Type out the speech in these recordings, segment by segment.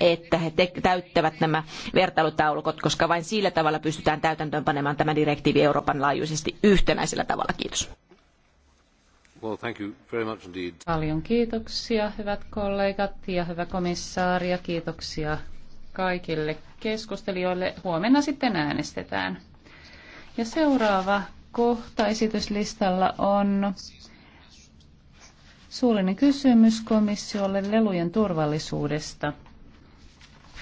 että he täyttävät nämä vertailutaulukot, koska vain sillä tavalla pystytään täytäntöönpanemaan tämä direktiivi Euroopan laajuisesti yhtenäisellä tavalla. Kiitos. Well, thank you very much indeed. Paljon kiitoksia, hyvät kollegat ja hyvä komissaari, ja kiitoksia kaikille keskustelijoille. Huomenna sitten äänestetään. Ja seuraava kohta esityslistalla on suullinen kysymys komissiolle lelujen turvallisuudesta.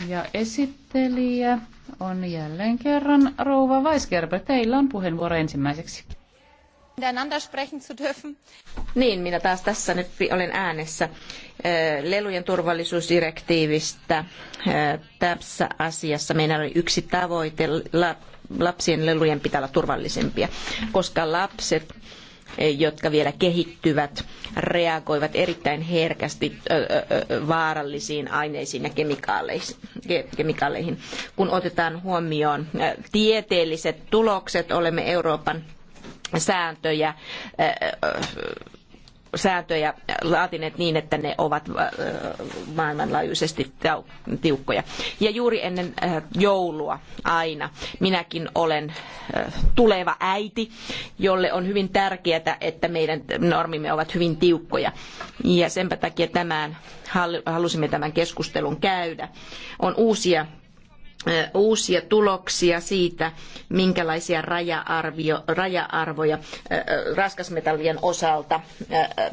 Ja esittelijä on jälleen kerran Rouva Weisgerber. Teillä on puheenvuoro ensimmäiseksi. Niin, minä taas tässä nyt olen äänessä äh, lelujen turvallisuusdirektiivistä. Äh, tässä asiassa meillä oli yksi tavoite, lapsien lelujen pitää olla turvallisempia, koska lapset Eh, jotka vielä kehittyvät, reagoivat erittäin herkästi vaarallisiin aineisiin ja kemikaaleihin. Kun otetaan huomioon tieteelliset tulokset, olemme Euroopan sääntöjä sääntöjä laatineet niin, että ne ovat äh, maailmanlaajuisesti tiukkoja. Ja juuri ennen äh, joulua aina minäkin olen äh, tuleva äiti, jolle on hyvin tärkeää, että meidän normimme ovat hyvin tiukkoja. Ja senpä takia tämän, halusimme tämän keskustelun käydä. On uusia uusia tuloksia siitä, minkälaisia raja-arvoja raskasmetallien osalta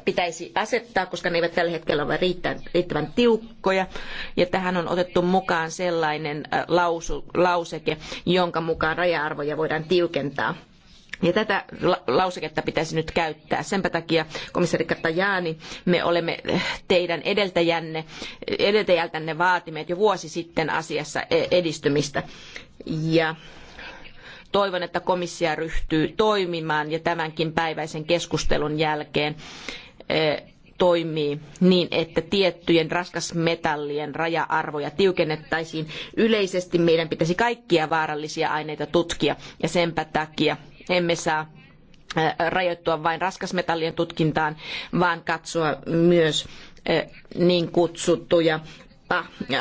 pitäisi asettaa, koska ne eivät tällä hetkellä ole riittävän tiukkoja. Ja tähän on otettu mukaan sellainen lauseke, jonka mukaan raja-arvoja voidaan tiukentaa ja tätä lauseketta pitäisi nyt käyttää. Senpä takia, komissari Kattajani, me olemme eh, teidän edeltäjänne, eh, edeltäjältänne vaatineet jo vuosi sitten asiassa eh, edistymistä. Ja toivon, että komissio ryhtyy toimimaan ja tämänkin päiväisen keskustelun jälkeen toimii niin, että tiettyjen raskasmetallien raja-arvoja tiukennettaisiin. Yleisesti meidän pitäisi kaikkia vaarallisia aineita tutkia ja senpä takia emme saa rajoittua vain raskasmetallien tutkintaan, vaan katsoa myös niin kutsuttuja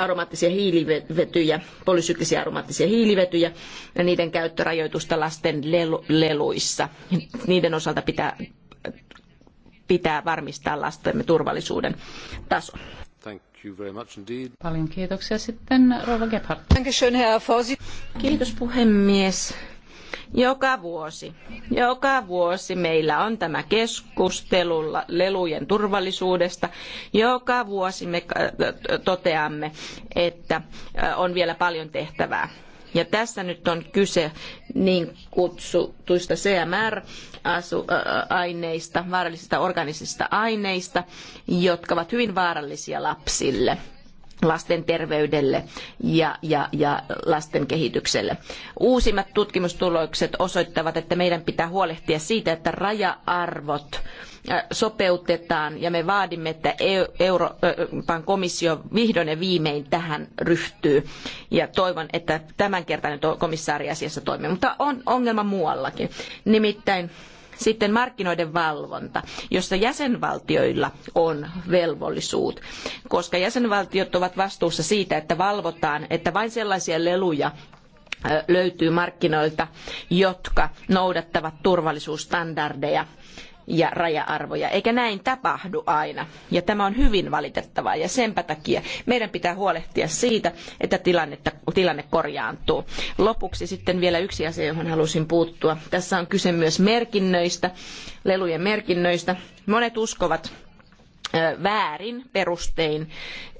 aromaattisia hiilivetyjä, polysyklisiä aromaattisia hiilivetyjä ja niiden käyttörajoitusta lasten leluissa. Niiden osalta pitää, pitää varmistaa lastemme turvallisuuden taso. Paljon kiitoksia sitten Rova Gebhardt. Kiitos puhemies. Joka vuosi, joka vuosi meillä on tämä keskustelu lelujen turvallisuudesta. Joka vuosi me toteamme, että äh, on vielä paljon tehtävää. Ja tässä nyt on kyse niin kutsutuista CMR-aineista, äh, äh, vaarallisista organisista aineista, jotka ovat hyvin vaarallisia lapsille lasten terveydelle ja, ja, ja, lasten kehitykselle. Uusimmat tutkimustulokset osoittavat, että meidän pitää huolehtia siitä, että raja-arvot äh, sopeutetaan ja me vaadimme, että äh, Euroopan komissio vihdoin ja viimein tähän ryhtyy. Ja toivon, että tämänkertainen komissaari asiassa toimii. Mutta on ongelma muuallakin. Nimittäin sitten markkinoiden valvonta, jossa jäsenvaltioilla on velvollisuus, koska jäsenvaltiot ovat vastuussa siitä, että valvotaan, että vain sellaisia leluja löytyy markkinoilta, jotka noudattavat turvallisuusstandardeja ja raja-arvoja, eikä näin tapahdu aina. Ja tämä on hyvin valitettavaa ja senpä takia meidän pitää huolehtia siitä, että tilannetta, tilanne korjaantuu. Lopuksi sitten vielä yksi asia, johon halusin puuttua. Tässä on kyse myös merkinnöistä, lelujen merkinnöistä. Monet uskovat, väärin perustein,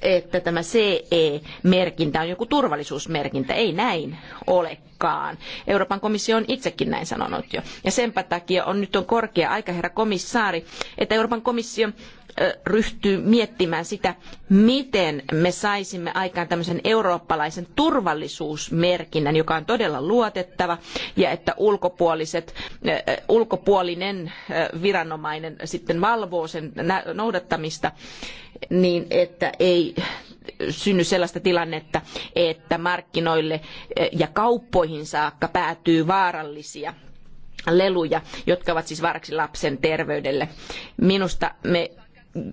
että tämä CE-merkintä on joku turvallisuusmerkintä. Ei näin olekaan. Euroopan komissio on itsekin näin sanonut jo. Ja senpä takia on nyt on korkea aika, herra komissaari, että Euroopan komissio ryhtyy miettimään sitä, miten me saisimme aikaan tämmöisen eurooppalaisen turvallisuusmerkinnän, joka on todella luotettava ja että ulkopuoliset, ulkopuolinen viranomainen sitten valvoo sen noudattamista, niin että ei synny sellaista tilannetta, että markkinoille ja kauppoihin saakka päätyy vaarallisia leluja, jotka ovat siis vaaraksi lapsen terveydelle. Minusta me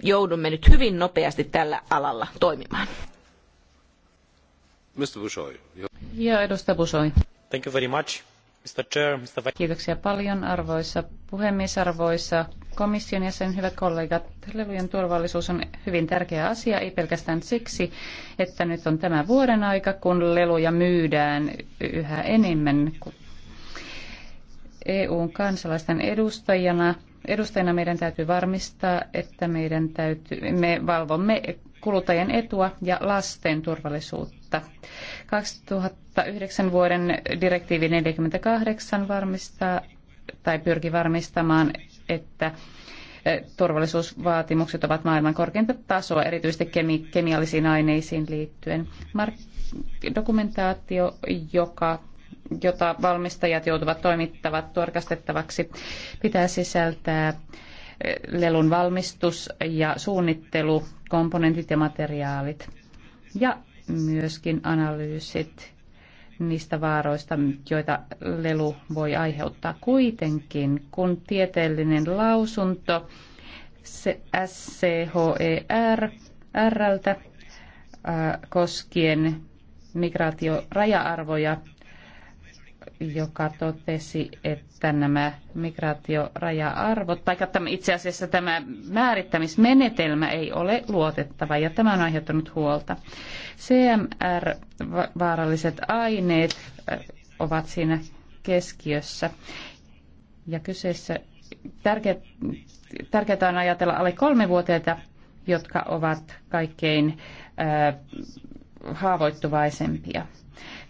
joudumme nyt hyvin nopeasti tällä alalla toimimaan. Mr. Ja edustaja Bushoi. Thank you very much. Mr. Chair, Mr. Vice- Kiitoksia paljon arvoisa puhemies, arvoisa komission jäsen, hyvät kollegat. Lelujen turvallisuus on hyvin tärkeä asia, ei pelkästään siksi, että nyt on tämä vuoden aika, kun leluja myydään yhä enemmän. EUn e kansalaisten edustajana edustajina meidän täytyy varmistaa, että meidän täytyy, me valvomme kuluttajien etua ja lasten turvallisuutta. 2009 vuoden direktiivi 48 varmistaa tai pyrki varmistamaan, että eh, turvallisuusvaatimukset ovat maailman korkeinta tasoa, erityisesti kemi- kemiallisiin aineisiin liittyen. Mark- dokumentaatio, joka jota valmistajat joutuvat toimittavat tarkastettavaksi, pitää sisältää eh, lelun valmistus ja suunnittelu, komponentit ja materiaalit ja myöskin analyysit niistä vaaroista, joita lelu voi aiheuttaa. Kuitenkin, kun tieteellinen lausunto SCHER Rltä eh, koskien migraatioraja-arvoja joka totesi, että nämä migraatioraja-arvot, tai itse asiassa tämä määrittämismenetelmä ei ole luotettava, ja tämä on aiheuttanut huolta. CMR-vaaralliset aineet äh, ovat siinä keskiössä, ja kyseessä tärkeää on ajatella alle kolme kolmevuotiaita, jotka ovat kaikkein äh, haavoittuvaisempia.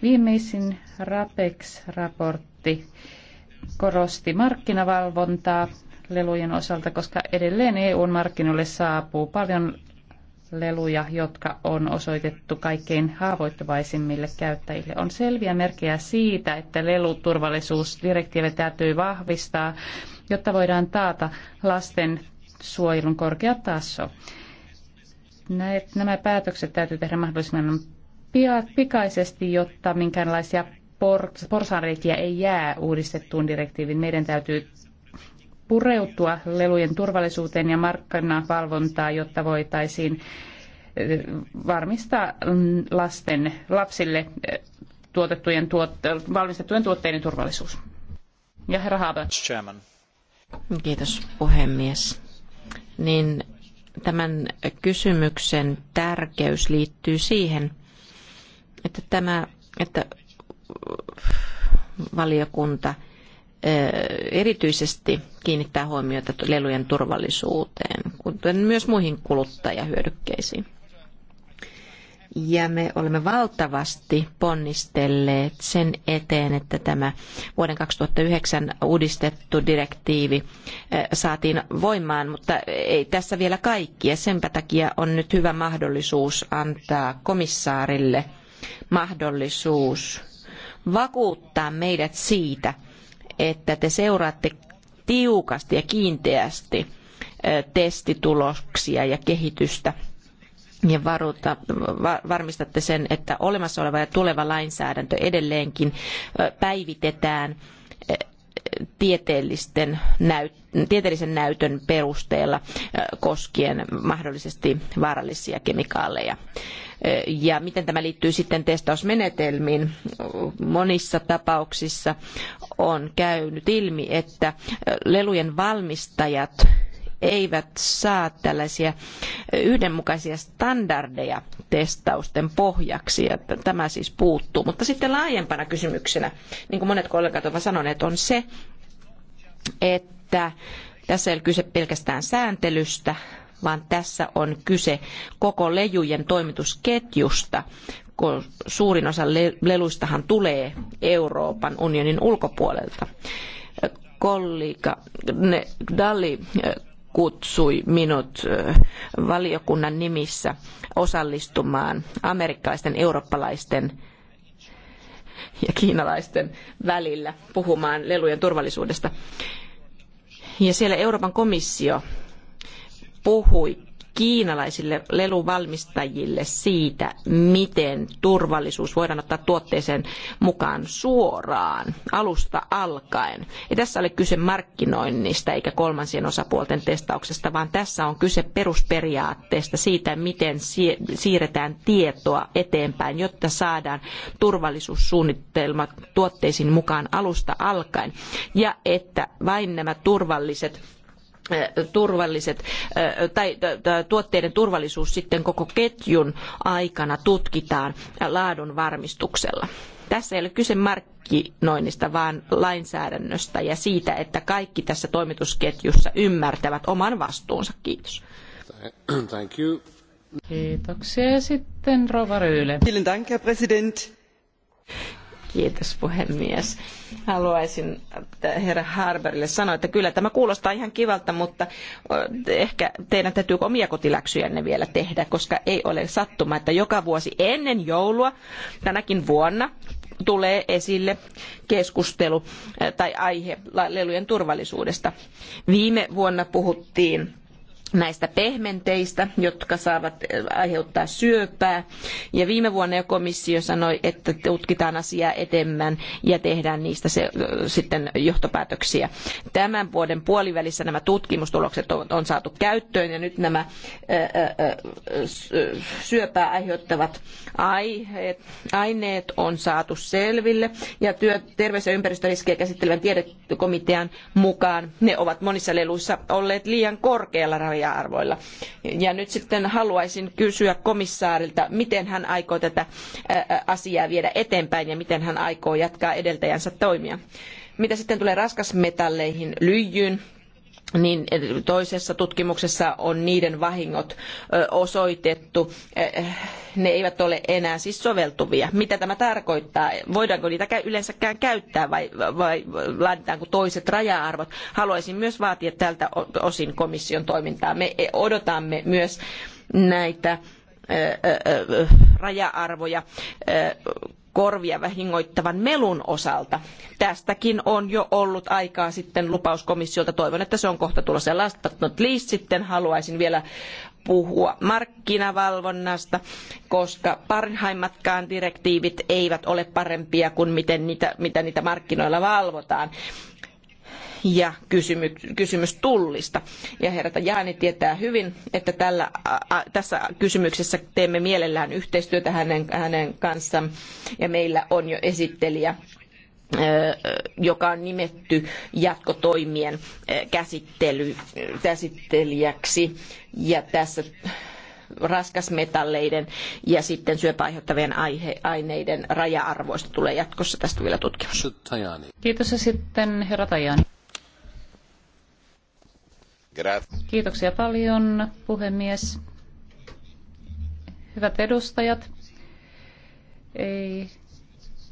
Viimeisin RAPEX-raportti korosti markkinavalvontaa lelujen osalta, koska edelleen EUn markkinoille saapuu paljon leluja, jotka on osoitettu kaikkein haavoittuvaisimmille käyttäjille. On selviä merkkejä siitä, että leluturvallisuusdirektiivi täytyy vahvistaa, jotta voidaan taata lasten suojelun korkea taso. Näet, nämä päätökset täytyy tehdä mahdollisimman pikaisesti, jotta minkäänlaisia porsaanreikiä ei jää uudistettuun direktiivin. Meidän täytyy pureutua lelujen turvallisuuteen ja markkinavalvontaan, jotta voitaisiin eh, varmistaa mm, lasten, lapsille eh, tuotettujen tuotte, valmistettujen tuotteiden turvallisuus. Ja herra Haber. Kiitos puhemies. Niin tämän kysymyksen tärkeys liittyy siihen, että tämä, että valiokunta erityisesti kiinnittää huomiota lelujen turvallisuuteen, kuten myös muihin kuluttajahyödykkeisiin. Ja me olemme valtavasti ponnistelleet sen eteen, että tämä vuoden 2009 uudistettu direktiivi eh, saatiin voimaan, mutta ei tässä vielä kaikki. Ja sen takia on nyt hyvä mahdollisuus antaa komissaarille mahdollisuus vakuuttaa meidät siitä, että te seuraatte tiukasti ja kiinteästi eh, testituloksia ja kehitystä – ja varuta, varmistatte sen, että olemassa oleva ja tuleva lainsäädäntö edelleenkin päivitetään tieteellisten tieteellisen näytön perusteella koskien mahdollisesti vaarallisia kemikaaleja. Ja miten tämä liittyy sitten testausmenetelmiin? Monissa tapauksissa on käynyt ilmi, että lelujen valmistajat eivät saa tällaisia yhdenmukaisia standardeja testausten pohjaksi ja tämä siis puuttuu. Mutta sitten laajempana kysymyksenä, niin kuin monet kollegat ovat sanoneet, on se, että tässä ei ole kyse pelkästään sääntelystä, vaan tässä on kyse koko lejujen toimitusketjusta, kun suurin osa leluistahan tulee Euroopan unionin ulkopuolelta kollega Dalli kutsui minut valiokunnan nimissä osallistumaan amerikkalaisten, eurooppalaisten ja kiinalaisten välillä puhumaan lelujen turvallisuudesta. Ja siellä Euroopan komissio puhui kiinalaisille leluvalmistajille siitä, miten turvallisuus voidaan ottaa tuotteeseen mukaan suoraan alusta alkaen. Ja tässä oli kyse markkinoinnista eikä kolmansien osapuolten testauksesta, vaan tässä on kyse perusperiaatteesta siitä, miten siirretään tietoa eteenpäin, jotta saadaan turvallisuussuunnitelmat tuotteisiin mukaan alusta alkaen. Ja että vain nämä turvalliset turvalliset tai tuotteiden turvallisuus sitten koko ketjun aikana tutkitaan laadun varmistuksella. Tässä ei ole kyse markkinoinnista, vaan lainsäädännöstä ja siitä, että kaikki tässä toimitusketjussa ymmärtävät oman vastuunsa. Kiitos. Thank you. Kiitoksia. sitten Rova Ryyle. Vielen Dank, Herr Präsident. Kiitos puhemies. Haluaisin herra Harberille sanoa, että kyllä tämä kuulostaa ihan kivalta, mutta ehkä teidän täytyy omia kotiläksyjänne vielä tehdä, koska ei ole sattuma, että joka vuosi ennen joulua tänäkin vuonna tulee esille keskustelu tai aihe lelujen turvallisuudesta. Viime vuonna puhuttiin näistä pehmenteistä, jotka saavat äh, aiheuttaa syöpää. Ja viime vuonna jo komissio sanoi, että tutkitaan asiaa etemmän ja tehdään niistä se, äh, sitten johtopäätöksiä. Tämän vuoden puolivälissä nämä tutkimustulokset on, on saatu käyttöön ja nyt nämä äh, syöpää aiheuttavat aiheet, aineet on saatu selville. Ja työ, terveys- ja ympäristöriskejä käsittelevän tiedekomitean mukaan ne ovat monissa leluissa olleet liian korkealla sarja-arvoilla. Ja nyt sitten haluaisin kysyä komissaarilta, miten hän aikoo tätä asiaa viedä eteenpäin ja miten hän aikoo jatkaa edeltäjänsä toimia. Mitä sitten tulee raskasmetalleihin, lyijyyn, niin toisessa tutkimuksessa on niiden vahingot osoitettu. Ne eivät ole enää siis soveltuvia. Mitä tämä tarkoittaa? Voidaanko niitä yleensäkään käyttää vai, vai laaditaanko toiset raja-arvot? Haluaisin myös vaatia tältä osin komission toimintaa. Me e- odotamme myös näitä raja-arvoja korvia vahingoittavan melun osalta. Tästäkin on jo ollut aikaa sitten lupauskomissiolta. Toivon, että se on kohta tulossa. Last but not least sitten haluaisin vielä puhua markkinavalvonnasta, koska parhaimmatkaan direktiivit eivät ole parempia kuin miten niitä, mitä niitä markkinoilla valvotaan ja kysymys, kysymys tullista. Ja herra Jaani tietää hyvin, että tällä, ä, tässä kysymyksessä teemme mielellään yhteistyötä hänen, hänen kanssaan ja meillä on jo esittelijä joka on nimetty jatkotoimien käsittely, käsittelijäksi. Ja tässä raskasmetalleiden ja sitten syöpää aiheuttavien aineiden raja-arvoista tulee jatkossa tästä vielä tutkimus. Kiitos ja sitten herra Tajani. Kiitoksia paljon, puhemies. Hyvät edustajat, ei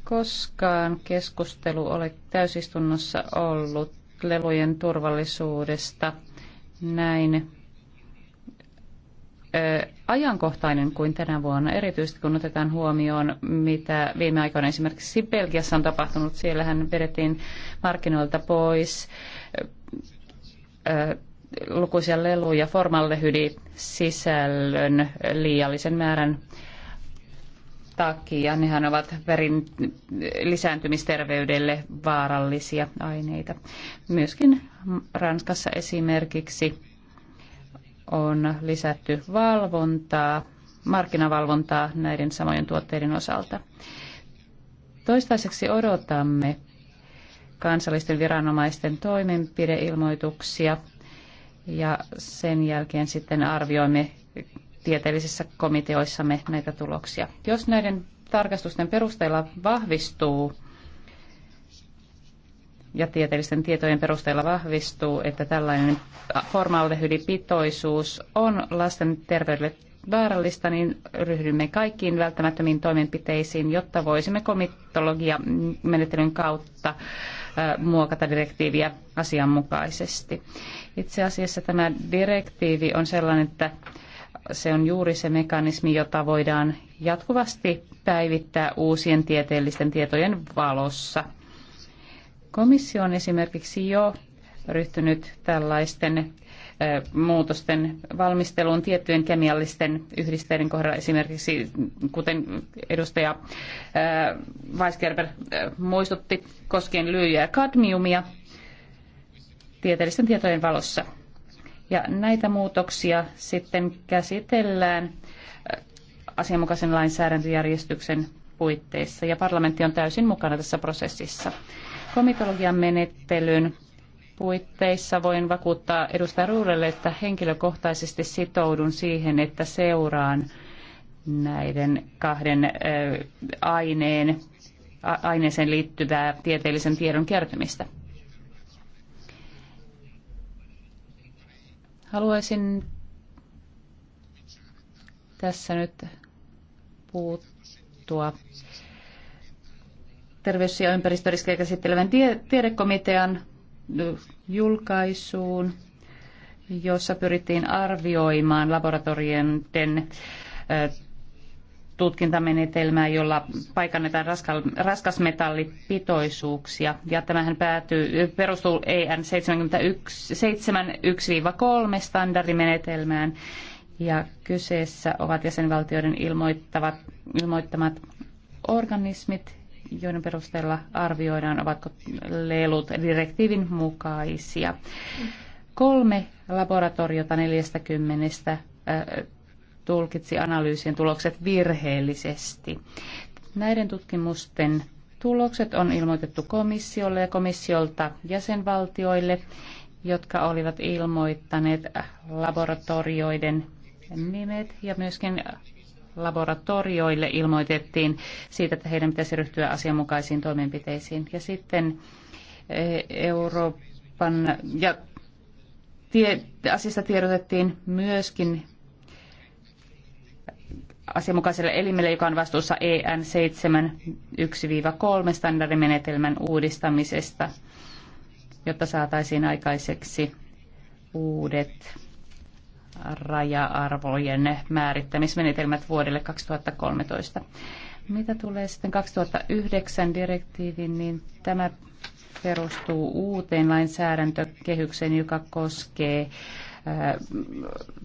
koskaan keskustelu ole täysistunnossa ollut lelujen turvallisuudesta näin ajankohtainen kuin tänä vuonna, erityisesti kun otetaan huomioon, mitä viime aikoina esimerkiksi Belgiassa on tapahtunut. Siellähän vedettiin markkinoilta pois lukuisia leluja formaldehydisisällön liiallisen määrän takia. Nehän ovat verin lisääntymisterveydelle vaarallisia aineita. Myöskin Ranskassa esimerkiksi on lisätty valvontaa, markkinavalvontaa näiden samojen tuotteiden osalta. Toistaiseksi odotamme kansallisten viranomaisten toimenpideilmoituksia ja sen jälkeen sitten arvioimme tieteellisissä komiteoissamme näitä tuloksia. Jos näiden tarkastusten perusteella vahvistuu ja tieteellisten tietojen perusteella vahvistuu, että tällainen formaldehydipitoisuus on lasten terveydelle vaarallista, niin ryhdymme kaikkiin välttämättömiin toimenpiteisiin, jotta voisimme komitologia-menettelyn kautta muokata direktiiviä asianmukaisesti. Itse asiassa tämä direktiivi on sellainen, että se on juuri se mekanismi, jota voidaan jatkuvasti päivittää uusien tieteellisten tietojen valossa – Komissio on esimerkiksi jo ryhtynyt tällaisten muutosten valmisteluun tiettyjen kemiallisten yhdisteiden kohdalla esimerkiksi, kuten edustaja Weisgerber muistutti, koskien lyijyä ja kadmiumia tieteellisten tietojen valossa. Ja näitä muutoksia sitten käsitellään asianmukaisen lainsäädäntöjärjestyksen puitteissa ja parlamentti on täysin mukana tässä prosessissa. Komitologian menettelyn puitteissa voin vakuuttaa edustaja Ruudelle, että henkilökohtaisesti sitoudun siihen, että seuraan näiden kahden aineen, aineeseen liittyvää tieteellisen tiedon kertymistä. Haluaisin tässä nyt puuttua terveys- ja ympäristöriskejä käsittelevän tie- tiedekomitean julkaisuun, jossa pyrittiin arvioimaan laboratorioiden tutkintamenetelmää, jolla paikannetaan raskasmetallipitoisuuksia. Ja tämähän päätyy, perustuu e EN 71-3 standardimenetelmään. Ja kyseessä ovat jäsenvaltioiden ilmoittavat, ilmoittamat organismit, joiden perusteella arvioidaan, ovatko lelut direktiivin mukaisia. Kolme laboratoriota 40 tulkitsi analyysien tulokset virheellisesti. Näiden tutkimusten tulokset on ilmoitettu komissiolle ja komissiolta jäsenvaltioille, jotka olivat ilmoittaneet laboratorioiden nimet ja myöskin laboratorioille ilmoitettiin siitä, että heidän pitäisi ryhtyä asianmukaisiin toimenpiteisiin. Ja sitten e, Euroopan, ja tie, asiasta tiedotettiin myöskin asianmukaiselle elimelle, joka on vastuussa EN 7.1-3 standardimenetelmän uudistamisesta, jotta saataisiin aikaiseksi uudet raja-arvojen määrittämismenetelmät vuodelle 2013. Mitä tulee sitten 2009 direktiiviin, niin tämä perustuu uuteen lainsäädäntökehykseen, joka koskee äh,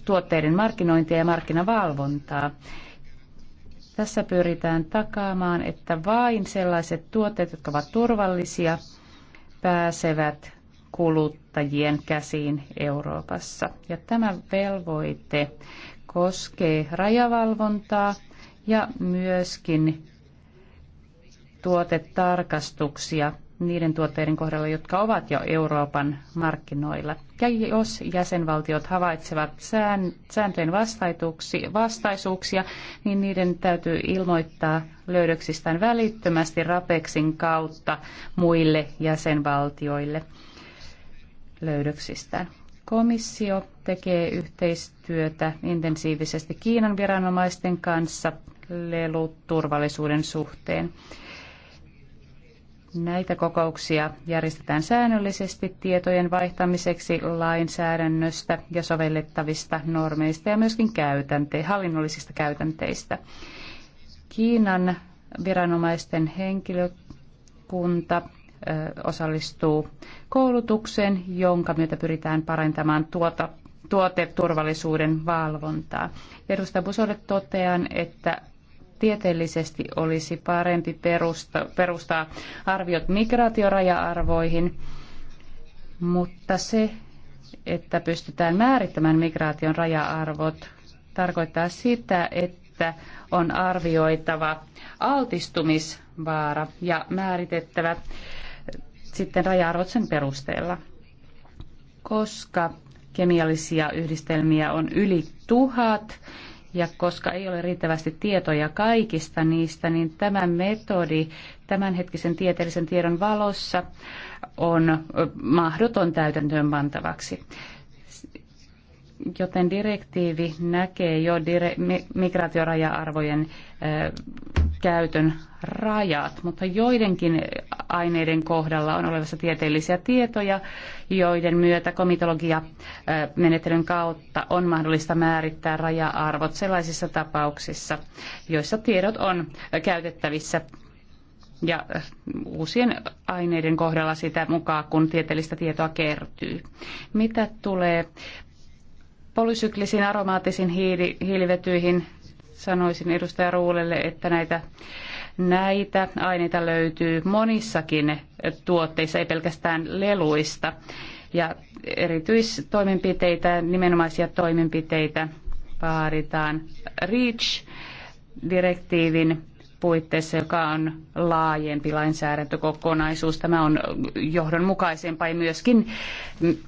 tuotteiden markkinointia ja markkinavalvontaa. Tässä pyritään takaamaan, että vain sellaiset tuotteet, jotka ovat turvallisia, pääsevät kuluttajien käsiin Euroopassa. Ja tämä velvoite koskee rajavalvontaa ja myöskin tuotetarkastuksia niiden tuotteiden kohdalla, jotka ovat jo Euroopan markkinoilla. Ja jos jäsenvaltiot havaitsevat sään, sääntöjen vastaisuuksia, niin niiden täytyy ilmoittaa löydöksistään välittömästi RAPEXin kautta muille jäsenvaltioille löydöksistä. Komissio tekee yhteistyötä intensiivisesti Kiinan viranomaisten kanssa leluturvallisuuden suhteen. Näitä kokouksia järjestetään säännöllisesti tietojen vaihtamiseksi lainsäädännöstä ja sovellettavista normeista ja myöskin käytänte- hallinnollisista käytänteistä. Kiinan viranomaisten henkilökunta osallistuu koulutukseen, jonka myötä pyritään parantamaan tuota, tuoteturvallisuuden valvontaa. Edustaja Busolle totean, että tieteellisesti olisi parempi perusta, perustaa arviot migraatioraja-arvoihin, mutta se, että pystytään määrittämään migraation raja-arvot, tarkoittaa sitä, että on arvioitava altistumisvaara ja määritettävä sitten raja sen perusteella. Koska kemiallisia yhdistelmiä on yli tuhat ja koska ei ole riittävästi tietoja kaikista niistä, niin tämä metodi tämänhetkisen tieteellisen tiedon valossa on mahdoton täytäntöön pantavaksi joten direktiivi näkee jo dire- migraatioraja-arvojen käytön rajat, mutta joidenkin aineiden kohdalla on olevassa tieteellisiä tietoja, joiden myötä komitologia-menettelyn kautta on mahdollista määrittää raja-arvot sellaisissa tapauksissa, joissa tiedot on käytettävissä ja uusien aineiden kohdalla sitä mukaan, kun tieteellistä tietoa kertyy. Mitä tulee polysyklisiin aromaattisiin hiili, hiilivetyihin sanoisin edustaja Ruulelle, että näitä, näitä aineita löytyy monissakin tuotteissa, ei pelkästään leluista. Ja erityistoimenpiteitä, nimenomaisia toimenpiteitä vaaditaan REACH-direktiivin puitteissa, joka on laajempi lainsäädäntökokonaisuus. Tämä on johdonmukaisempaa ja myöskin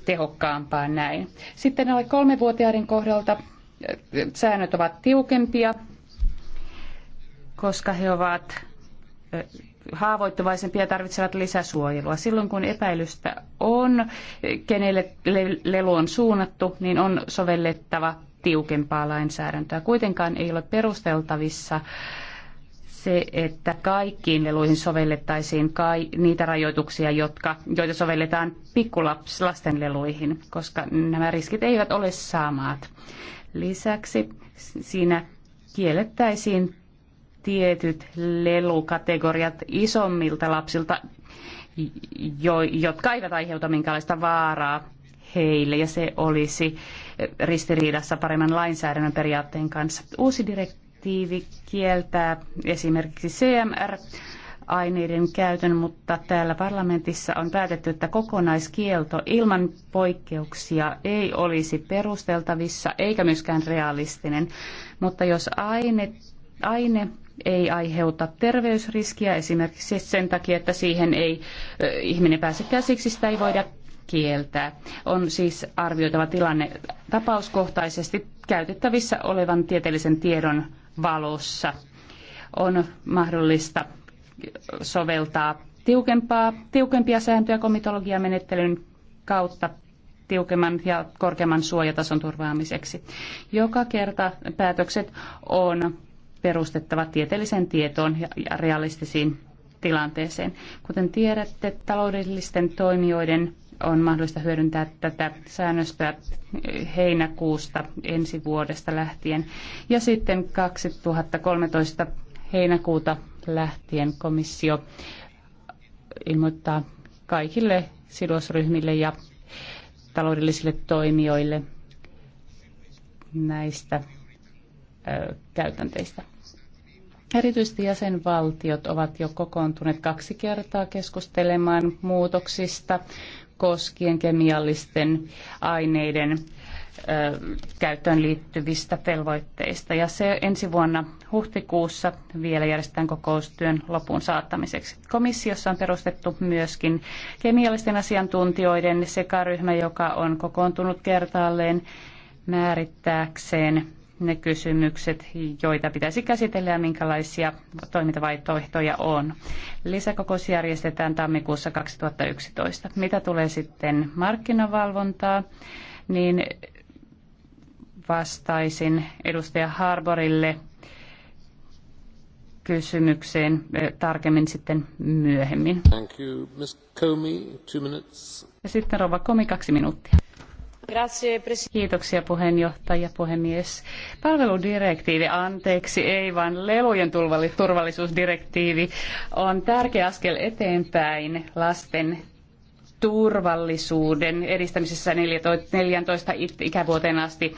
tehokkaampaa näin. Sitten alle kolmevuotiaiden kohdalta äh, säännöt ovat tiukempia, koska he ovat äh, haavoittuvaisempia ja tarvitsevat lisäsuojelua. Silloin kun epäilystä on, kenelle lelu on suunnattu, niin on sovellettava tiukempaa lainsäädäntöä. Kuitenkaan ei ole perusteltavissa se, että kaikkiin leluihin sovellettaisiin kai niitä rajoituksia, jotka, joita sovelletaan pikkulasten leluihin, koska nämä riskit eivät ole samat. Lisäksi siinä kiellettäisiin tietyt lelukategoriat isommilta lapsilta, jo, jotka eivät aiheuta minkäänlaista vaaraa heille, ja se olisi ristiriidassa paremman lainsäädännön periaatteen kanssa. Uusi direktiivi direktiivi kieltää esimerkiksi CMR, aineiden käytön, mutta täällä parlamentissa on päätetty, että kokonaiskielto ilman poikkeuksia ei olisi perusteltavissa eikä myöskään realistinen. Mutta jos aine, aine ei aiheuta terveysriskiä esimerkiksi sen takia, että siihen ei ö, ihminen pääse käsiksi, sitä ei voida kieltää. On siis arvioitava tilanne tapauskohtaisesti käytettävissä olevan tieteellisen tiedon valossa on mahdollista soveltaa tiukempaa, tiukempia sääntöjä komitologiamenettelyn kautta tiukemman ja korkeamman suojatason turvaamiseksi. Joka kerta päätökset on perustettava tieteelliseen tietoon ja realistisiin tilanteeseen. Kuten tiedätte, taloudellisten toimijoiden on mahdollista hyödyntää tätä säännöstä heinäkuusta ensi vuodesta lähtien. Ja sitten 2013 heinäkuuta lähtien komissio ilmoittaa kaikille sidosryhmille ja taloudellisille toimijoille näistä ö, käytänteistä. Erityisesti jäsenvaltiot ovat jo kokoontuneet kaksi kertaa keskustelemaan muutoksista koskien kemiallisten aineiden käyttöön liittyvistä velvoitteista. Ja se ensi vuonna huhtikuussa vielä järjestetään kokoustyön lopun saattamiseksi. Komissiossa on perustettu myöskin kemiallisten asiantuntijoiden sekaryhmä, joka on kokoontunut kertaalleen määrittääkseen ne kysymykset, joita pitäisi käsitellä ja minkälaisia toimintavaihtoehtoja on. Lisäkokous järjestetään tammikuussa 2011. Mitä tulee sitten markkinavalvontaa, niin vastaisin edustaja Harborille kysymykseen eh, tarkemmin sitten myöhemmin. Thank you. Ms. Comey, two minutes. Ja sitten Rova Komi, kaksi minuuttia. Kiitoksia puheenjohtaja, puhemies. Palveludirektiivi, anteeksi, ei vaan lelujen turvallisuusdirektiivi, on tärkeä askel eteenpäin lasten turvallisuuden edistämisessä 14 ikävuoteen asti.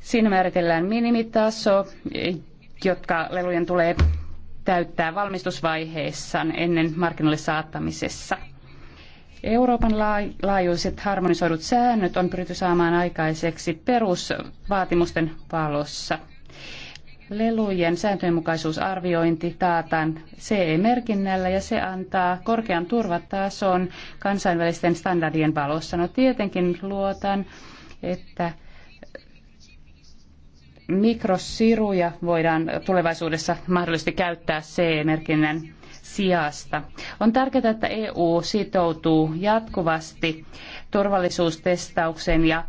Siinä määritellään minimitaso, jotka lelujen tulee täyttää valmistusvaiheessa ennen markkinoille saattamisessa Euroopan laajuiset harmonisoidut säännöt on pyritty saamaan aikaiseksi perusvaatimusten valossa. Lelujen sääntöjenmukaisuusarviointi taataan CE-merkinnällä ja se antaa korkean turvatason kansainvälisten standardien valossa. No tietenkin luotan, että mikrosiruja voidaan tulevaisuudessa mahdollisesti käyttää CE-merkinnän sijasta. On tärkeää, että EU sitoutuu jatkuvasti turvallisuustestaukseen ja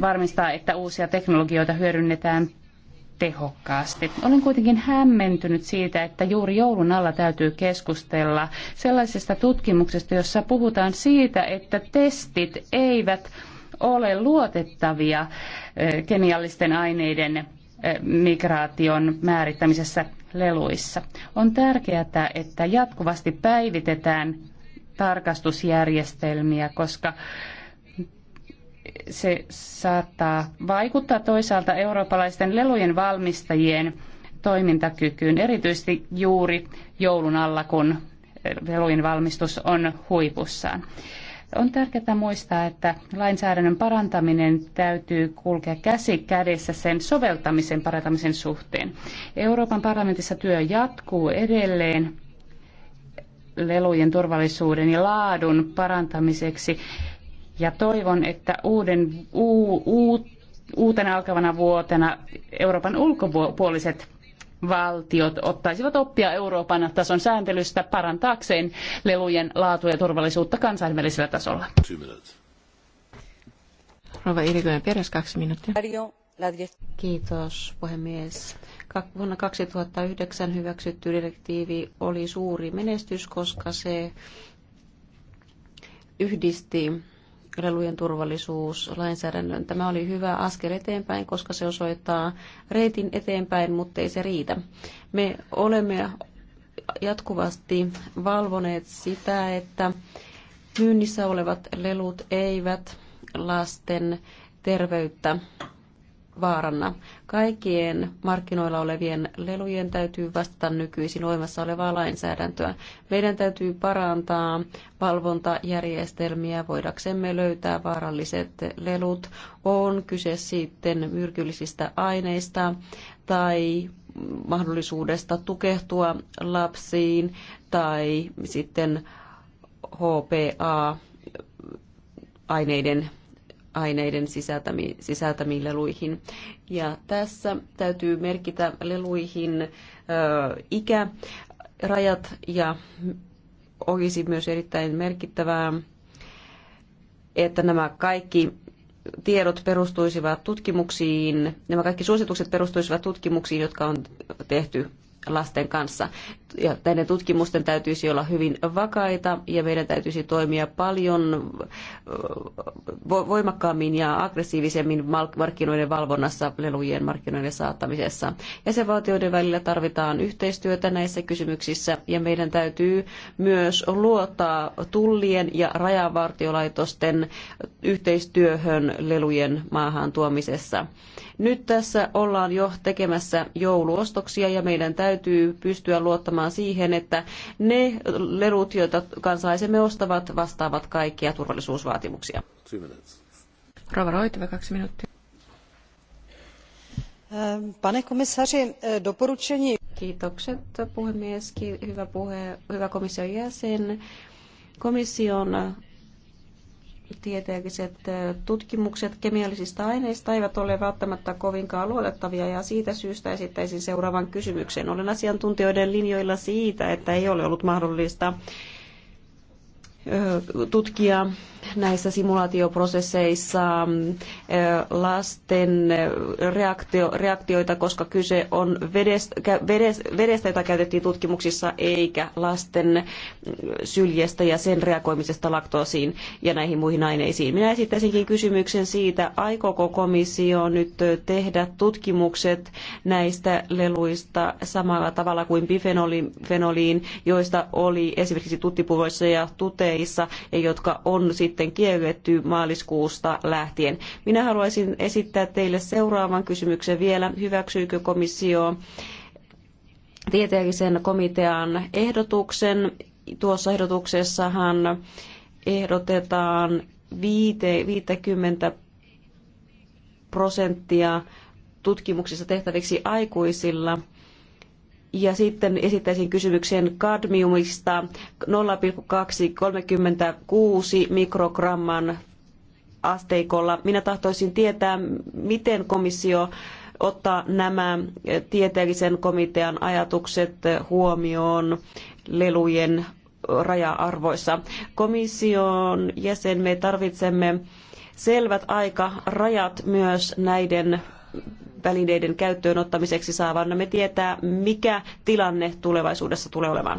varmistaa, että uusia teknologioita hyödynnetään tehokkaasti. Olen kuitenkin hämmentynyt siitä, että juuri joulun alla täytyy keskustella sellaisesta tutkimuksesta, jossa puhutaan siitä, että testit eivät ole luotettavia kemiallisten aineiden migraation määrittämisessä leluissa. On tärkeää, että jatkuvasti päivitetään tarkastusjärjestelmiä, koska se saattaa vaikuttaa toisaalta eurooppalaisten lelujen valmistajien toimintakykyyn, erityisesti juuri joulun alla, kun lelujen valmistus on huipussaan. On tärkeää muistaa, että lainsäädännön parantaminen täytyy kulkea käsi kädessä sen soveltamisen parantamisen suhteen. Euroopan parlamentissa työ jatkuu edelleen lelujen turvallisuuden ja laadun parantamiseksi ja toivon, että uuden, u, u, uutena alkavana vuotena Euroopan ulkopuoliset valtiot ottaisivat oppia Euroopan tason sääntelystä parantaakseen lelujen laatua ja turvallisuutta kansainvälisellä tasolla. Rova Irikojen Pieres, kaksi minuuttia. Kiitos puhemies. Vuonna 2009 hyväksytty direktiivi oli suuri menestys, koska se yhdisti lelujen turvallisuus, lainsäädännön. Tämä oli hyvä askel eteenpäin, koska se osoittaa reitin eteenpäin, mutta ei se riitä. Me olemme jatkuvasti valvoneet sitä, että myynnissä olevat lelut eivät lasten terveyttä vaaranna. Kaikkien markkinoilla olevien lelujen täytyy vastata nykyisin voimassa olevaa lainsäädäntöä. Meidän täytyy parantaa valvontajärjestelmiä voidaksemme löytää vaaralliset lelut. On kyse sitten myrkyllisistä aineista tai mahdollisuudesta tukehtua lapsiin tai sitten HPA-aineiden aineiden sisältämi, sisältämiin leluihin. Ja tässä täytyy merkitä leluihin ö, ikä, rajat ja olisi myös erittäin merkittävää, että nämä kaikki tiedot perustuisivat tutkimuksiin, nämä kaikki suositukset perustuisivat tutkimuksiin, jotka on tehty lasten kanssa. Ja näiden tutkimusten täytyisi olla hyvin vakaita ja meidän täytyisi toimia paljon voimakkaammin ja aggressiivisemmin markkinoiden valvonnassa, lelujen markkinoiden saattamisessa. Jäsenvaltioiden välillä tarvitaan yhteistyötä näissä kysymyksissä ja meidän täytyy myös luottaa tullien ja rajavartiolaitosten yhteistyöhön lelujen maahan tuomisessa. Nyt tässä ollaan jo tekemässä jouluostoksia ja meidän täytyy pystyä luottamaan siihen, että ne lerut, joita kansalaisemme ostavat, vastaavat kaikkia turvallisuusvaatimuksia. Rova Roitava, kaksi minuuttia. Ähm, pane komissaři, eh, doporučení. Kiitokset puhemies, hyvä, puhe, hyvä komission jäsen. Komission tieteelliset tutkimukset kemiallisista aineista eivät ole välttämättä kovinkaan luotettavia ja siitä syystä esittäisin seuraavan kysymyksen. Olen asiantuntijoiden linjoilla siitä, että ei ole ollut mahdollista tutkia näissä simulaatioprosesseissa eh, lasten eh, reaktio, reaktioita, koska kyse on vedestä, vedestä, jota käytettiin tutkimuksissa, eikä lasten eh, syljestä ja sen reagoimisesta laktoosiin ja näihin muihin aineisiin. Minä esittäisinkin kysymyksen siitä, aikooko komissio nyt tehdä tutkimukset näistä leluista samalla tavalla kuin bifenoliin, joista oli esimerkiksi tuttipuvoissa ja tuteissa, ja jotka on sitten sitten kielletty maaliskuusta lähtien. Minä haluaisin esittää teille seuraavan kysymyksen vielä. Hyväksyykö komissio tieteellisen komitean ehdotuksen? Tuossa ehdotuksessahan ehdotetaan 50 prosenttia tutkimuksissa tehtäviksi aikuisilla – ja sitten esittäisin kysymyksen kadmiumista 0,236 mikrogramman asteikolla. Minä tahtoisin tietää, miten komissio ottaa nämä tieteellisen komitean ajatukset huomioon lelujen raja-arvoissa. Komission jäsen, me tarvitsemme selvät aikarajat myös näiden välineiden käyttöön ottamiseksi saavamme tietää, mikä tilanne tulevaisuudessa tulee olemaan.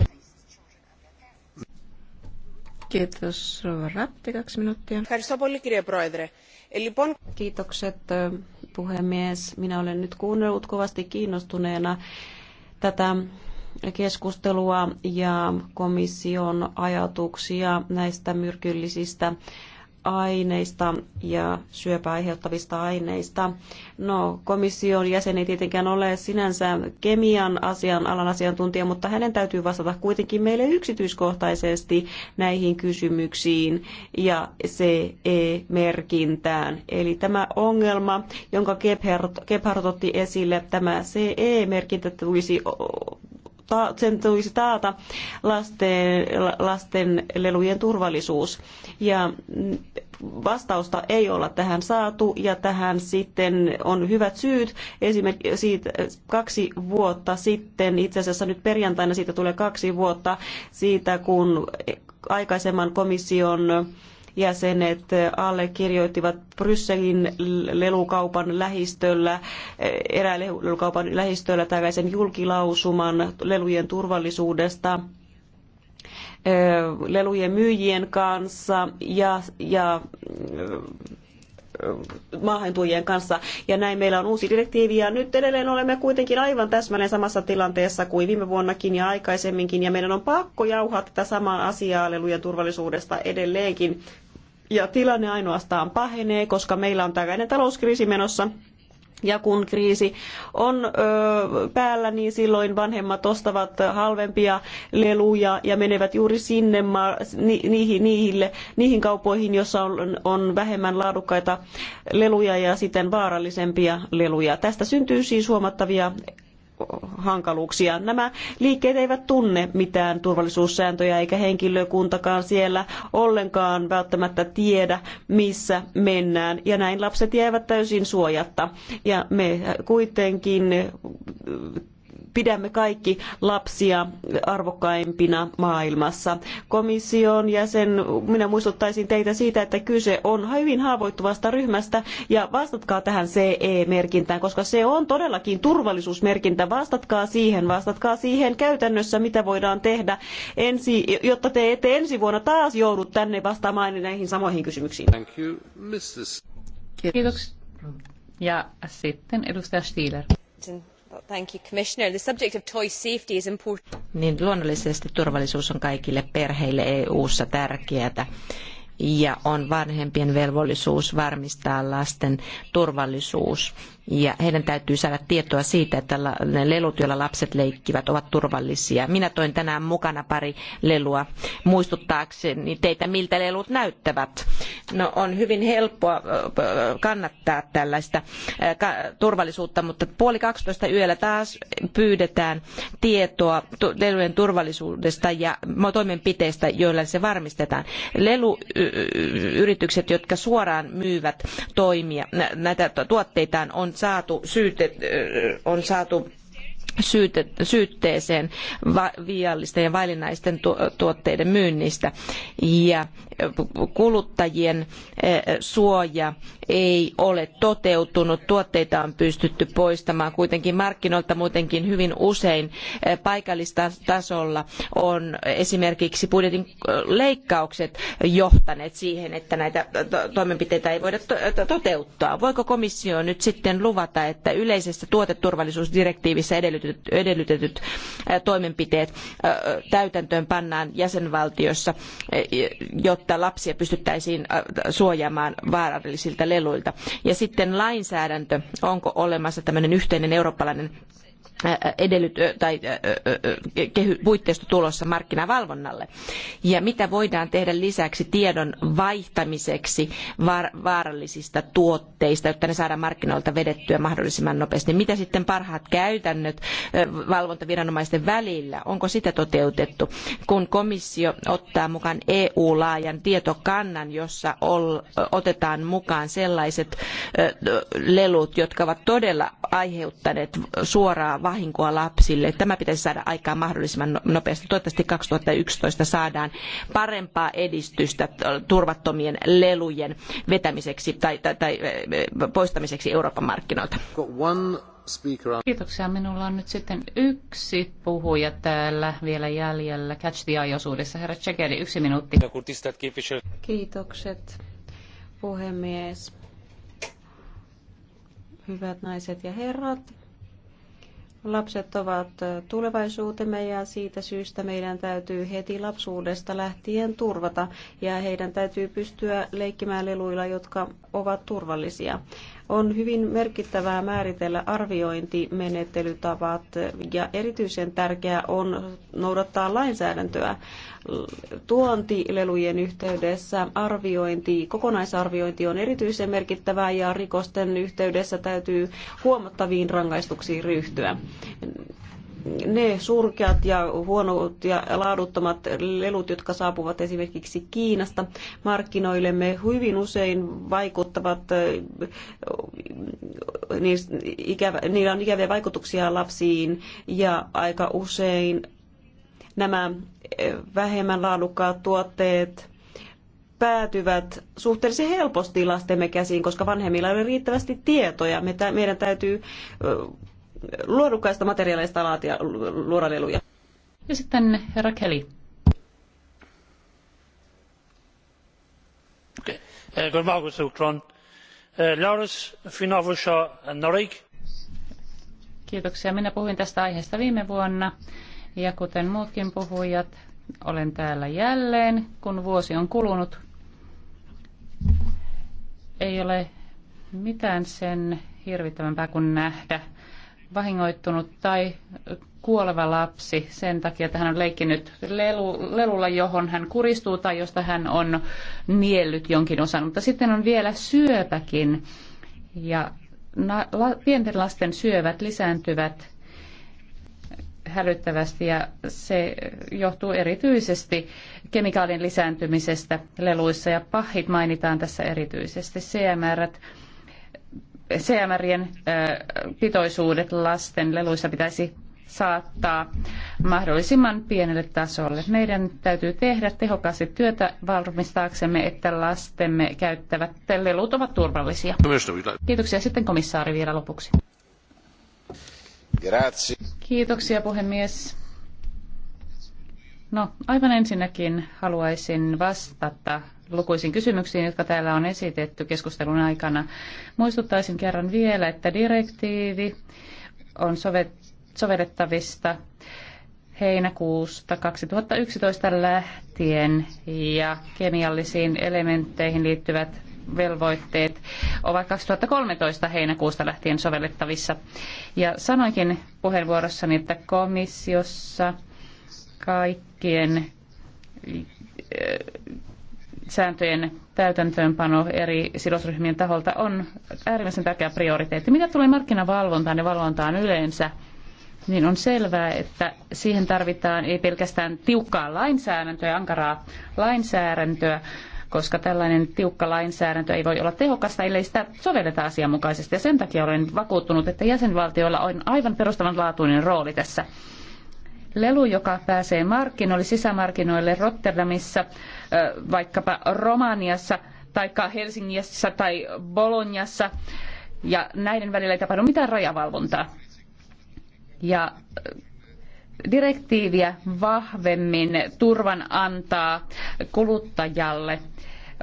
Kiitos, Ratti, kaksi minuuttia. Kiitokset, puhemies. Minä olen nyt kuunnellut kovasti kiinnostuneena tätä keskustelua ja komission ajatuksia näistä myrkyllisistä aineista ja syöpää aiheuttavista aineista. No, komission jäsen ei tietenkään ole sinänsä kemian asian alan asiantuntija, mutta hänen täytyy vastata kuitenkin meille yksityiskohtaisesti näihin kysymyksiin ja CE-merkintään. Eli tämä ongelma, jonka Gebhardt otti esille, tämä CE-merkintä tulisi ta, sen tulisi taata lasten, lasten lelujen turvallisuus. Ja vastausta ei olla tähän saatu ja tähän sitten on hyvät syyt. Esimerkiksi siitä kaksi vuotta sitten, itse asiassa nyt perjantaina siitä tulee kaksi vuotta siitä, kun aikaisemman komission jäsenet allekirjoittivat Brysselin lelukaupan lähistöllä, erään lelukaupan lähistöllä tällaisen julkilausuman lelujen turvallisuudesta lelujen myyjien kanssa ja, ja maahantuojien kanssa. Ja näin meillä on uusi direktiivi ja nyt edelleen olemme kuitenkin aivan täsmälleen samassa tilanteessa kuin viime vuonnakin ja aikaisemminkin. Ja meidän on pakko jauhaa tätä samaa asiaa lelujen turvallisuudesta edelleenkin ja tilanne ainoastaan pahenee, koska meillä on tällainen talouskriisi menossa. Ja kun kriisi on ö, päällä, niin silloin vanhemmat ostavat halvempia leluja ja menevät juuri sinne ma- ni- niihin, niihille, niihin kaupoihin, joissa on, on vähemmän laadukkaita leluja ja siten vaarallisempia leluja. Tästä syntyy siis huomattavia hankaluuksia. Nämä liikkeet eivät tunne mitään turvallisuussääntöjä eikä henkilökuntakaan siellä ollenkaan välttämättä tiedä, missä mennään. Ja näin lapset jäävät täysin suojatta. Ja me kuitenkin pidämme kaikki lapsia arvokkaimpina maailmassa. Komission jäsen, minä muistuttaisin teitä siitä, että kyse on hyvin haavoittuvasta ryhmästä ja vastatkaa tähän CE-merkintään, koska se on todellakin turvallisuusmerkintä. Vastatkaa siihen, vastatkaa siihen käytännössä, mitä voidaan tehdä, ensi, jotta te ette ensi vuonna taas joudu tänne vastaamaan näihin samoihin kysymyksiin. Thank you, Mrs. Kiitos. Ja sitten edustaja Stieler. Niin luonnollisesti turvallisuus on kaikille perheille EU-ssa tärkeää ja on vanhempien velvollisuus varmistaa lasten turvallisuus ja heidän täytyy saada tietoa siitä, että ne lelut, joilla lapset leikkivät, ovat turvallisia. Minä toin tänään mukana pari lelua muistuttaakseni teitä, miltä lelut näyttävät. No, on hyvin helppoa kannattaa tällaista turvallisuutta, mutta puoli 12 yöllä taas pyydetään tietoa lelujen turvallisuudesta ja toimenpiteistä, joilla se varmistetaan. Leluyritykset, jotka suoraan myyvät toimia, näitä tuotteitaan, on saatu syyte, on saatu syyte, syytteeseen va, viallisten ja vaillinaisten tuotteiden myynnistä. Ja äh, kuluttajien äh, suoja ei ole toteutunut. Tuotteita on pystytty poistamaan kuitenkin markkinoilta muutenkin hyvin usein. Äh, paikallistasolla on esimerkiksi budjetin leikkaukset johtaneet siihen, että näitä toimenpiteitä ei voida toteuttaa. Voiko komissio nyt sitten luvata, että yleisessä tuoteturvallisuusdirektiivissä edellytetään edellytetyt, toimenpiteet täytäntöön pannaan jäsenvaltiossa, jotta lapsia pystyttäisiin suojaamaan vaarallisilta leluilta. Ja sitten lainsäädäntö, onko olemassa tämmöinen yhteinen eurooppalainen edellyt, tai kehy, puitteisto tulossa markkinavalvonnalle. Ja mitä voidaan tehdä lisäksi tiedon vaihtamiseksi vaarallisista tuotteista, jotta ne saadaan markkinoilta vedettyä mahdollisimman nopeasti. Mitä sitten parhaat käytännöt valvontaviranomaisten välillä, onko sitä toteutettu, kun komissio ottaa mukaan EU-laajan tietokannan, jossa otetaan mukaan sellaiset lelut, jotka ovat todella aiheuttaneet suoraa vahinkoa vahinkoa lapsille. Tämä pitäisi saada aikaan mahdollisimman no- nopeasti. Toivottavasti 2011 saadaan parempaa edistystä turvattomien lelujen vetämiseksi tai, tai, tai eh, poistamiseksi Euroopan markkinoilta. Kiitoksia. Minulla on nyt sitten yksi puhuja täällä vielä jäljellä Catch the Eye-osuudessa. Herra Tsekeri, yksi minuutti. Kiitokset, puhemies. Hyvät naiset ja herrat, Lapset ovat tulevaisuutemme ja siitä syystä meidän täytyy heti lapsuudesta lähtien turvata ja heidän täytyy pystyä leikkimään leluilla, jotka ovat turvallisia. On hyvin merkittävää määritellä arviointimenettelytavat ja erityisen tärkeää on noudattaa lainsäädäntöä. Tuontilelujen yhteydessä arviointi, kokonaisarviointi on erityisen merkittävää ja rikosten yhteydessä täytyy huomattaviin rangaistuksiin ryhtyä ne surkeat ja huonot ja laaduttomat lelut, jotka saapuvat esimerkiksi Kiinasta markkinoillemme, hyvin usein vaikuttavat, niin, niillä on ikäviä vaikutuksia lapsiin ja aika usein nämä vähemmän laadukkaat tuotteet – päätyvät suhteellisen helposti lastemme käsiin, koska vanhemmilla ei ole riittävästi tietoja. meidän täytyy luodukkaista materiaaleista laatia luoraleluja. Ja sitten herra Kelly. Eh, eh, eh, Kiitoksia. Minä puhuin tästä aiheesta viime vuonna ja kuten muutkin puhujat, olen täällä jälleen, kun vuosi on kulunut. Ei ole mitään sen hirvittävämpää kuin nähdä vahingoittunut tai kuoleva lapsi sen takia, että hän on leikkinyt lelu, lelulla, johon hän kuristuu tai josta hän on niellyt jonkin osan. Mutta sitten on vielä syöpäkin ja na, la, pienten lasten syövät lisääntyvät hälyttävästi ja se johtuu erityisesti kemikaalin lisääntymisestä leluissa ja pahit mainitaan tässä erityisesti. CMR CMRien pitoisuudet lasten leluissa pitäisi saattaa mahdollisimman pienelle tasolle. Meidän täytyy tehdä tehokkaasti työtä varmistaaksemme, että lastemme käyttävät lelut ovat turvallisia. Kiitoksia sitten komissaari vielä lopuksi. Grazie. Kiitoksia puhemies. No, aivan ensinnäkin haluaisin vastata lukuisiin kysymyksiin, jotka täällä on esitetty keskustelun aikana. Muistuttaisin kerran vielä, että direktiivi on sovellettavista heinäkuusta 2011 lähtien ja kemiallisiin elementteihin liittyvät velvoitteet ovat 2013 heinäkuusta lähtien sovellettavissa. Ja sanoinkin puheenvuorossani, että komissiossa kaikkien sääntöjen täytäntöönpano eri sidosryhmien taholta on äärimmäisen tärkeä prioriteetti. Mitä tulee markkinavalvontaan ja valvontaan yleensä, niin on selvää, että siihen tarvitaan ei pelkästään tiukkaa lainsäädäntöä, ankaraa lainsäädäntöä, koska tällainen tiukka lainsäädäntö ei voi olla tehokasta, ellei sitä sovelleta asianmukaisesti. Ja sen takia olen vakuuttunut, että jäsenvaltioilla on aivan perustavanlaatuinen rooli tässä Lelu, joka pääsee markkinoille, sisämarkkinoille Rotterdamissa, vaikkapa Romaniassa, tai Helsingissä tai Bolognassa, ja näiden välillä ei tapahdu mitään rajavalvontaa. Ja direktiiviä vahvemmin turvan antaa kuluttajalle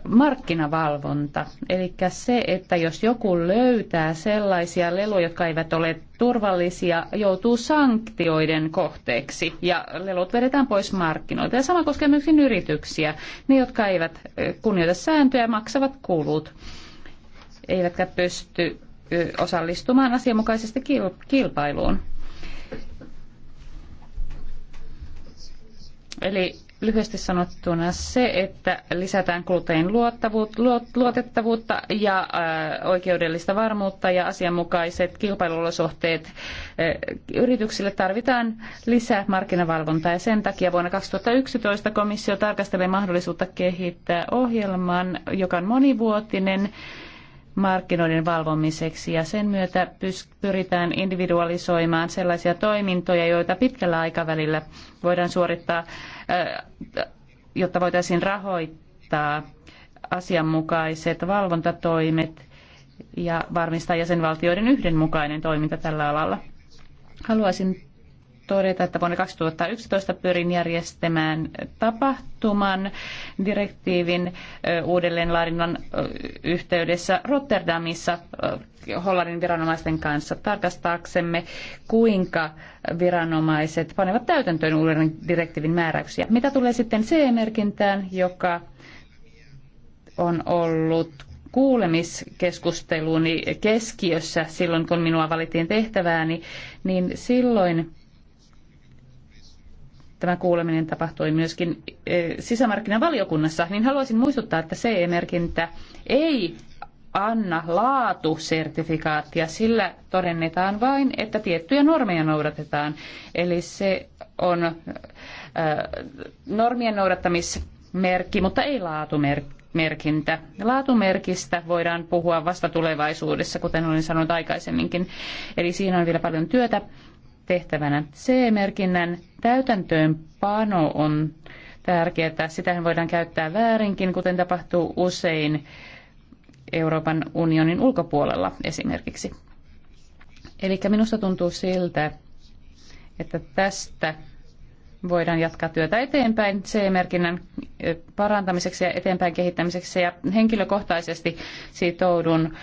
markkinavalvonta. Eli se, että jos joku löytää sellaisia leluja, jotka eivät ole turvallisia, joutuu sanktioiden kohteeksi ja lelut vedetään pois markkinoilta. Ja sama koskee myös yrityksiä. Ne, jotka eivät kunnioita sääntöjä, maksavat kulut, eivätkä pysty osallistumaan asianmukaisesti kilpailuun. Eli lyhyesti sanottuna se, että lisätään kuluttajien luotettavuutta ja äh, oikeudellista varmuutta ja asianmukaiset kilpailuolosuhteet äh, yrityksille tarvitaan lisää markkinavalvontaa ja sen takia vuonna 2011 komissio tarkastelee mahdollisuutta kehittää ohjelman, joka on monivuotinen markkinoiden valvomiseksi ja sen myötä pyritään individualisoimaan sellaisia toimintoja, joita pitkällä aikavälillä voidaan suorittaa, jotta voitaisiin rahoittaa asianmukaiset valvontatoimet ja varmistaa jäsenvaltioiden yhdenmukainen toiminta tällä alalla. Haluaisin todeta, että vuonna 2011 pyrin järjestämään tapahtuman direktiivin uudelleenlaadinnan yhteydessä Rotterdamissa Hollannin viranomaisten kanssa tarkastaaksemme, kuinka viranomaiset panevat täytäntöön uuden direktiivin määräyksiä. Mitä tulee sitten CE-merkintään, joka on ollut kuulemiskeskusteluni keskiössä silloin, kun minua valittiin tehtävääni, niin silloin tämä kuuleminen tapahtui myöskin e, sisämarkkinavaliokunnassa, niin haluaisin muistuttaa, että CE-merkintä ei anna laatusertifikaattia, sillä todennetaan vain, että tiettyjä normeja noudatetaan. Eli se on e, normien noudattamismerkki, mutta ei laatumerkintä. Laatumerkistä voidaan puhua vasta tulevaisuudessa, kuten olen sanonut aikaisemminkin. Eli siinä on vielä paljon työtä tehtävänä. C-merkinnän täytäntöönpano on tärkeää. sitä voidaan käyttää väärinkin, kuten tapahtuu usein Euroopan unionin ulkopuolella esimerkiksi. Eli minusta tuntuu siltä, että tästä voidaan jatkaa työtä eteenpäin C-merkinnän parantamiseksi ja eteenpäin kehittämiseksi. Ja henkilökohtaisesti sitoudun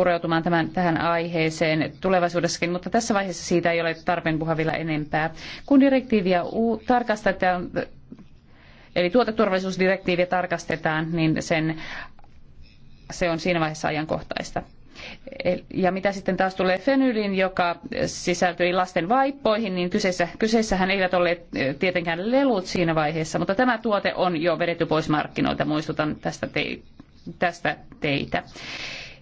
pureutumaan tämän, tähän aiheeseen tulevaisuudessakin, mutta tässä vaiheessa siitä ei ole tarpeen puhua vielä enempää. Kun direktiiviä u- tarkastetaan, eli tuoteturvallisuusdirektiiviä tarkastetaan, niin sen, se on siinä vaiheessa ajankohtaista. E, ja mitä sitten taas tulee fenylin, joka sisältyi lasten vaippoihin, niin kyseessä, kyseessähän eivät olleet e, tietenkään lelut siinä vaiheessa, mutta tämä tuote on jo vedetty pois markkinoilta, muistutan tästä, te, tästä teitä.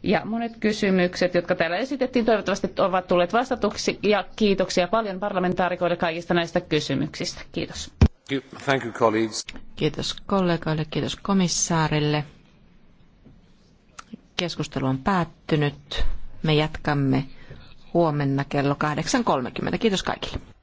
Ja monet kysymykset, jotka täällä esitettiin, toivottavasti ovat tulleet vastatuksi. Ja kiitoksia paljon parlamentaarikoille kaikista näistä kysymyksistä. Kiitos. Thank you, colleagues. Kiitos kollegoille, kiitos komissaarille. Keskustelu on päättynyt. Me jatkamme huomenna kello 8.30. Kiitos kaikille.